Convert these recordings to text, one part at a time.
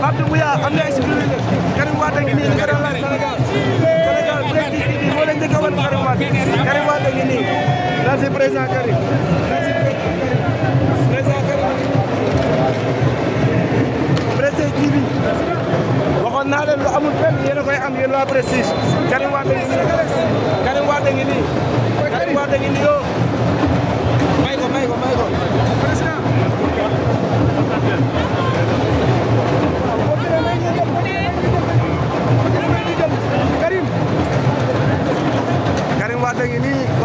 Pape Doumbouya am na ay supérieurs Karim Wade a ngi nii Karim Wade Sénégal Sénégal président bi moo leen njëkk a wan Karim Wade Karim Wade a ngi nii là c'est président Karim président Karim Prestige TV waxoon naa leen lu amul fenn yéen a koy am yéen waa Prestige Karim Wade a ngi nii Karim Wade a ngi nii Karim Wade a ngi nii yoo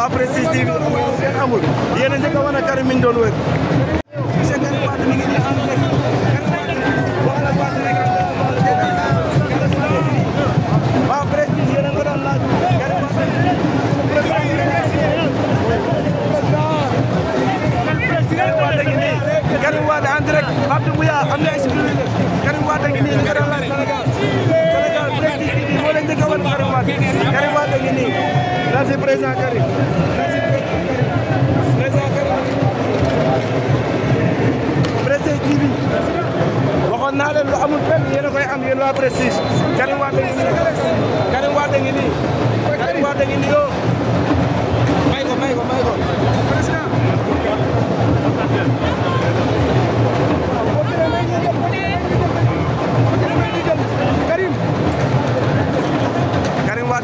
après 6 TV amul yéen a njëkk a wan a Karim mi ñu doon wër. Karim Wade en direct Abdou Mouya am na expliqué Karim Wade ngi nii Sénégal Sénégal Prestige TV moo leen njëkk a wan Karim Wade Karim Wade ngi nii merci président Karim merci président Karim Prestige TV waxoon naa leen lu amul fenn yéen koy am yéen waa Prestige Karim Wade ngi nii Karim Wade ngi nii nii yoo oh.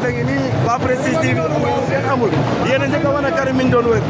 Wade a ngi nii waa Prestige TV amul yéen a njëkk a wane Karim mi ñu doon wër